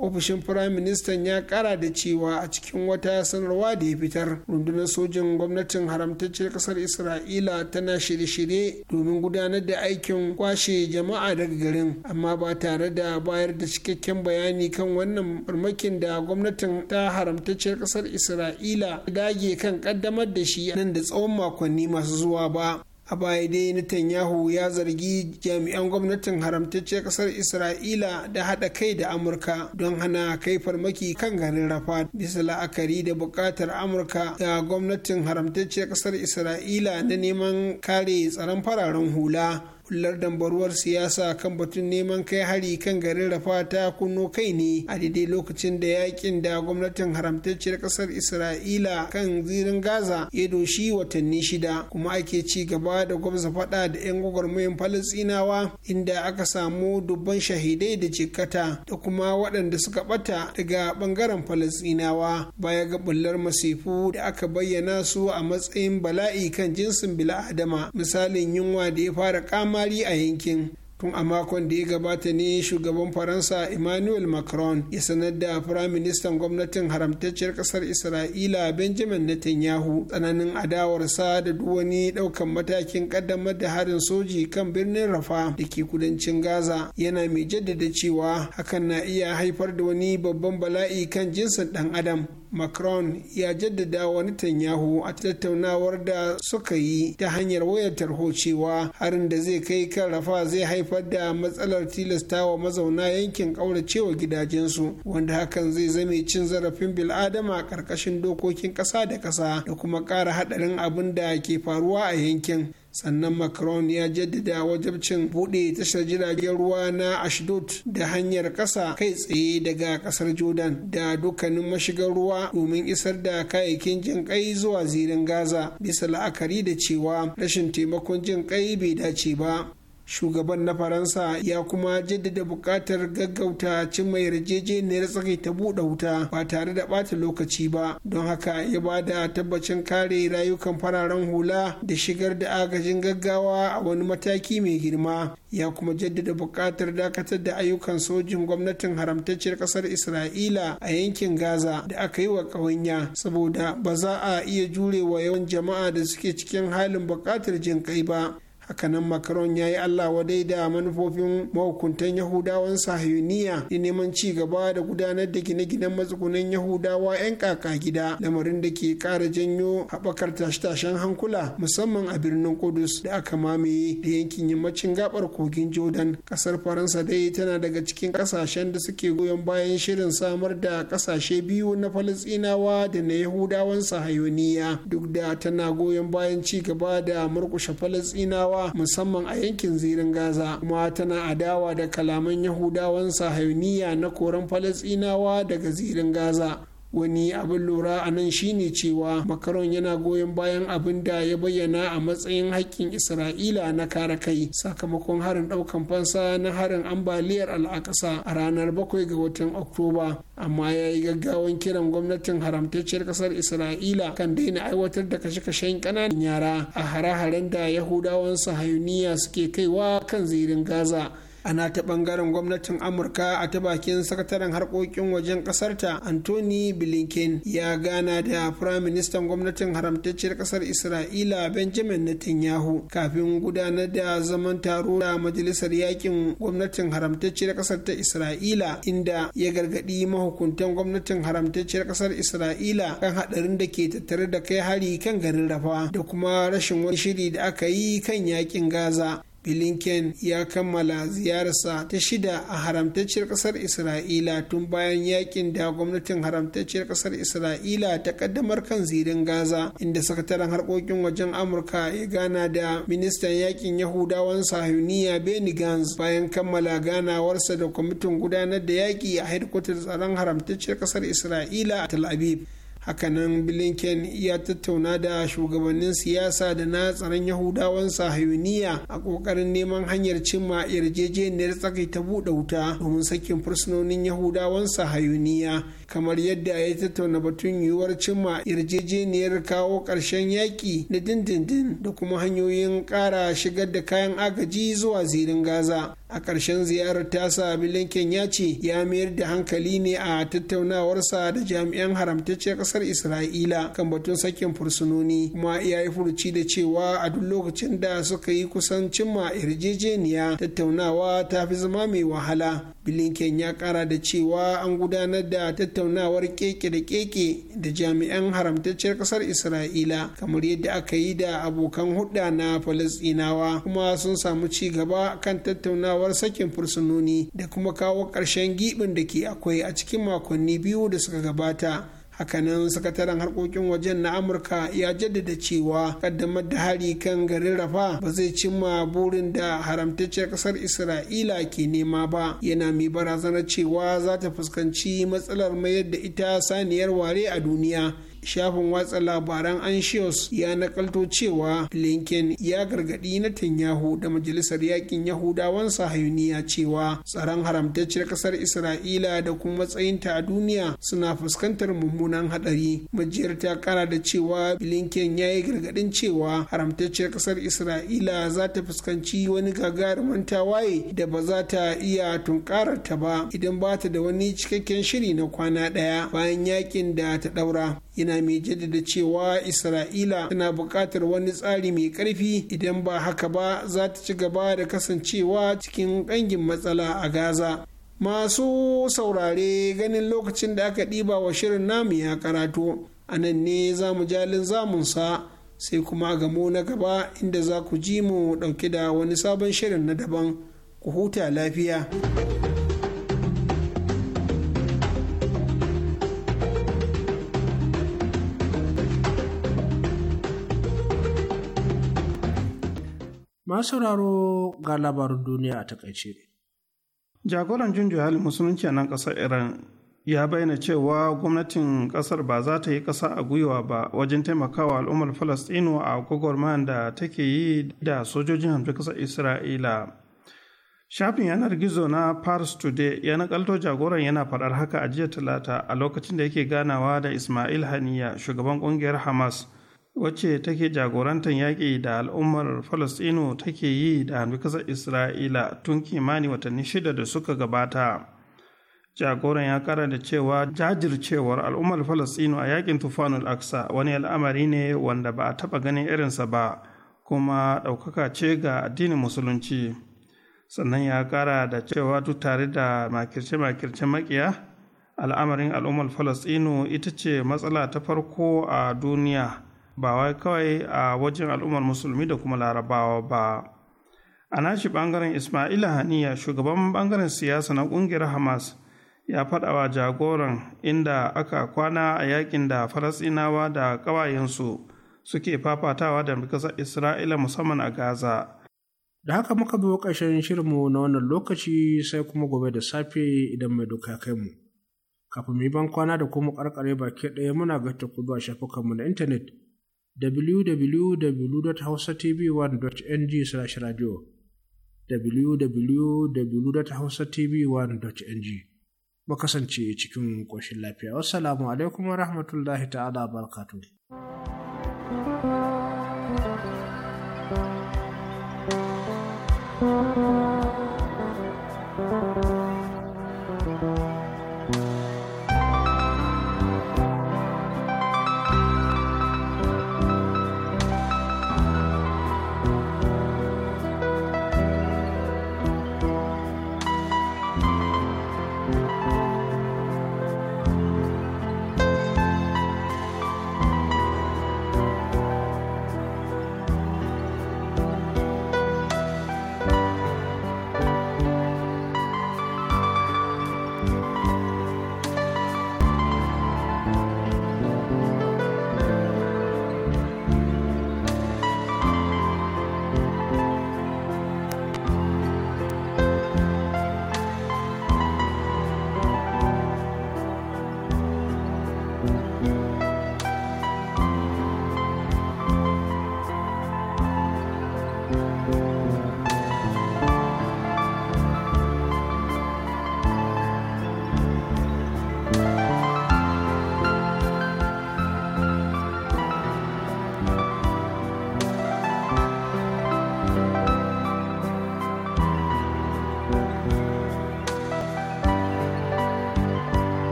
ofishin firayim ministan ya kara da cewa a cikin wata sanarwa da ya fitar rundunar sojin gwamnatin haramtacciyar kasar isra'ila tana shirye-shirye domin gudanar da aikin kwashe jama'a daga garin amma ba tare da bayar da cikakken bayani kan wannan farmakin da gwamnatin ta haramtacciyar kasar isra'ila dage kan kaddamar da shi nan da tsawon makonni masu zuwa ba a baya dai netanyahu ya zargi jami'an gwamnatin haramtacciyar kasar isra'ila da haɗa kai da amurka don hana kai farmaki kan garin rafa bisa la'akari da buƙatar amurka ga gwamnatin haramtacciyar kasar isra'ila na neman kare tsaron fararen hula kullar dambaruwar siyasa kan batun neman kai hari kan garin rafa ta kunno kai ne a daidai lokacin da yakin da gwamnatin haramtacciyar kasar isra'ila kan zirin gaza ya doshi watanni shida kuma ake ci gaba da gwamza faɗa da 'yan gwagwarmayin falastinawa inda aka samu dubban shahidai da jikkata da kuma waɗanda suka ɓata daga ɓangaren falastinawa baya ga bullar masifu da aka bayyana su a matsayin bala'i kan jinsin bil'adama misalin yunwa da ya fara kama kamari a yankin tun a makon da ya gabata ne shugaban faransa emmanuel macron ya sanar da firaministan gwamnatin haramtacciyar kasar isra'ila benjamin netanyahu tsananin adawarsa da wani daukan matakin kaddamar da harin soji kan birnin rafa da ke kudancin gaza yana mai jaddada cewa hakan na iya haifar da wani babban bala'i kan jinsin dan adam macron ya jaddada wa netanyahu a tattaunawar da suka yi ta hanyar wayar tarho cewa harin da zai kai kan rafa zai haifar da matsalar tilasta wa mazauna yankin ƙauracewa gidajensu wanda hakan zai zame cin zarafin bil'adama a ƙarƙashin dokokin ƙasa da ƙasa da kuma ƙara haɗarin abin da ke faruwa a yankin sannan macron ya jaddada wajabcin buɗe tashar jiragen ruwa na ashdod da hanyar ƙasa kai tsaye daga ƙasar jordan da dukkanin mashigar ruwa domin isar da kayayyakin jin kai zuwa zirin gaza bisa la'akari da cewa rashin taimakon jin kai bai dace ba shugaban na faransa ya kuma jaddada buƙatar gaggauta cimma yarjejeniyar ta buɗe wuta ba tare da ɓata lokaci ba don haka ya ba da tabbacin kare rayukan fararen hula da shigar da agajin gaggawa a wani mataki mai girma ya kuma jaddada buƙatar dakatar da ayyukan sojin gwamnatin haramtacciyar ƙasar isra'ila a yankin gaza da aka yi wa ƙawanya saboda ba za a iya jurewa yawan jama'a da suke cikin halin buƙatar jin kai ba hakanan macron ya yi allah wadai da manufofin mahukuntan yahudawan sahiyuniya da neman ci gaba da gudanar da gine-ginen matsugunan yahudawa 'yan kaka gida lamarin da ke kara janyo haɓakar tashe-tashen hankula musamman a birnin kudus da aka mamaye da yankin yammacin gabar kogin jordan kasar faransa dai tana daga cikin kasashen da suke goyon bayan shirin samar da kasashe biyu na falasinawa da na yahudawan sahayoniya duk da tana goyon bayan ci gaba da murkushe falasinawa yahudawa musamman a yankin zirin gaza kuma tana adawa da kalaman yahudawan sahayuniya na koran falasinawa daga zirin gaza wani abin lura a nan shine cewa makaron yana goyon bayan abin da ya bayyana a matsayin haƙƙin isra'ila na kare kai sakamakon harin ɗaukan fansa na harin ambaliyar al'akasa a ranar 7 ga watan oktoba amma ya yi gaggawan kiran gwamnatin haramtacciyar ƙasar isra'ila kan daina aiwatar da kashe-kashen ƙananan yara a hare-haren da yahudawan sahayuniya suke kaiwa kan zirin gaza ana ta bangaren gwamnatin amurka a ta bakin sakataren harkokin wajen kasarta anthony blinken ya gana da prime minister gwamnatin haramtacciyar kasar isra'ila benjamin netanyahu kafin gudanar da zaman taro da majalisar yakin gwamnatin haramtacciyar kasar ta isra'ila inda ya gargadi mahukuntan gwamnatin haramtacciyar kasar isra'ila kan hadarin da ke tattare da kai hari kan garin rafa da kuma rashin wani shiri da aka yi kan yakin gaza Blinken ya kammala ziyararsa ta shida a haramtacciyar ƙasar Isra'ila tun bayan yakin da gwamnatin haramtacciyar ƙasar Isra'ila ta kaddamar kan zirin Gaza inda sakataren harkokin wajen Amurka ya gana da ministan yakin Yahudawan Sahuniya Benny Gantz bayan kammala ganawarsa da kwamitin gudanar da yaki a tsaron haramtacciyar ƙasar Isra'ila a Tel Aviv. hakanan blinken ya tattauna da shugabannin siyasa da na tsaron yahudawan sahayuniya a kokarin neman hanyar cimma yarjejeniyar tsakai ta buɗe wuta domin sakin fursunonin yahudawan sahayuniya kamar yadda ya tattauna batun yiwuwar cimma yarjejeniyar kawo ƙarshen yaƙi na dindindin da kuma hanyoyin ƙara shigar da kayan agaji zuwa zirin gaza a ƙarshen ziyarar tasa bilinken ya ce ya mayar da hankali ne a tattaunawarsa da jami'an haramtacciyar ƙasar isra'ila kan batun sakin fursunoni kuma ya yi furuci da cewa a duk lokacin da suka yi kusan cimma yarjejeniya tattaunawa ta fi zama mai wahala blinken ya kara da cewa an gudanar da tattaunawar keke da keke da jami'an haramtacciyar kasar isra'ila kamar yadda aka yi da abokan hudda na falasinawa kuma sun samu ci gaba kan tattaunawar sakin fursunoni da kuma kawo ƙarshen giɓin da ke akwai a cikin makonni biyu da suka gabata hakanan sakataren harkokin wajen na amurka ya jaddada cewa kaddamar da hari kan garin rafa ba zai cimma burin da haramtacciyar kasar isra'ila ke nema ba yana mai barazanar cewa za ta fuskanci matsalar mayar da ita saniyar ware a duniya shafin watsa labaran anshios ya nakalto cewa Blinken ya gargadi Tanyahu da majalisar yakin Yahudawan sahayuniya cewa tsaron haramtacciyar kasar Isra'ila da kuma matsayinta a duniya suna fuskantar mummunan hadari. Majiyar ta kara da cewa Blinken ya yi gargadin cewa haramtacciyar kasar Isra'ila za ta fuskanci wani gagarumin tawaye da ba za ta iya tunƙarar ta ba idan ba ta da wani cikakken shiri na kwana ɗaya bayan yakin da ta ɗaura. yana mai jaddada cewa isra'ila tana buƙatar wani tsari mai ƙarfi idan ba haka ba za ta ci gaba da kasancewa cikin ƙangin matsala a gaza masu saurare ganin lokacin da aka ɗiba wa shirin namu ya karatu a nan ne za mu jalin zamunsa sai kuma gamo na gaba inda za ku ji mu ɗauke da wani sabon shirin na daban ku huta lafiya. masu sauraro ga labarin duniya a takaice. Jagoran junjo halin musulunci a nan ƙasar Iran ya bayyana cewa gwamnatin ƙasar ba za ta yi ƙasa a gwiwa ba wajen taimakawa al'ummar Falastinu a gwagwarmayar da take yi da sojojin hamsin ƙasar Isra'ila. Shafin yanar gizo na Paris Today ya nakalto jagoran yana faɗar haka a jiya talata a lokacin da yake ganawa da Ismail Haniya shugaban ƙungiyar Hamas. wacce take jagorantar yaƙi da al'ummar falasino take yi da hannu isra'ila tun kimani watanni shida da suka gabata jagoran ya kara da cewa jajircewar al'ummar falastinu a yaƙin tufanul aksa wani al'amari ne wanda ba a taɓa ganin irinsa ba kuma ɗaukaka ce ga addinin musulunci sannan ya kara da cewa duk tare da makirce-makirce makiya al'amarin al'ummar Falasɗinu ita ce matsala ta farko a duniya ba wai kawai a wajen al'ummar musulmi da kuma larabawa ba a nashi bangaren ismaila haniya shugaban bangaren siyasa na kungiyar hamas ya faɗa jagoran inda aka kwana a yakin da falasinawa da ƙawayensu suke fafatawa da ƙasar isra'ila musamman a gaza da haka muka bi ƙarshen shirinmu na wannan lokaci sai kuma gobe da safe idan mai doka kai mu kafin mu yi ban kwana da kuma ƙarƙare baki ɗaya muna ga ku ba shafukanmu na intanet www.hausatv1.ng/radio www.hausatv1.ng mu kasance cikin ƙoshin lafiya wassalamu alaikum wa rahmatullahi ta'ala barakatuh